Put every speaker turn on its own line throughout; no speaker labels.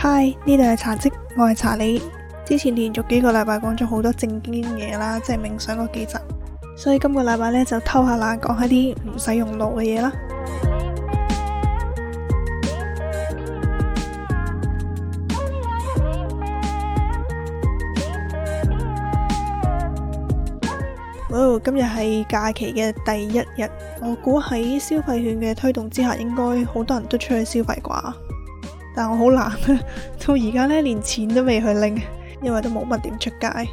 Hi，呢度係茶嘖，我係查理。之前連續幾個禮拜講咗好多正經嘅嘢啦，即係冥想嗰幾集，所以今個禮拜咧就偷下懶，講下啲唔使用腦嘅嘢啦。哦，今日係假期嘅第一日，我估喺消費券嘅推動之下，應該好多人都出去消費啩。但我好懶啊，到而家呢，連錢都未去拎，因為都冇乜點出街。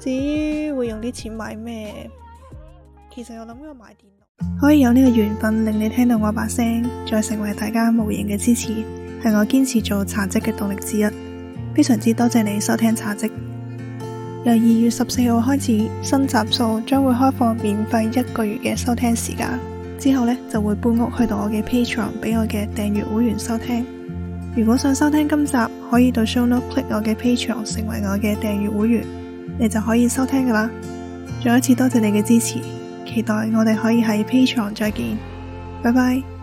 至於會用啲錢買咩？其實我諗要買電腦。可以有呢個緣分令你聽到我把聲，再成為大家無形嘅支持，係我堅持做茶職嘅動力之一。非常之多謝你收聽茶職。由二月十四號開始，新集數將會開放免費一個月嘅收聽時間，之後呢，就會搬屋去到我嘅 Patreon，俾我嘅訂閱會員收聽。如果想收聽今集，可以到 ShowNote click 我嘅 Patreon 成為我嘅訂閱會員，你就可以收聽噶啦。再一次多謝你嘅支持，期待我哋可以喺 Patreon 再見，拜拜。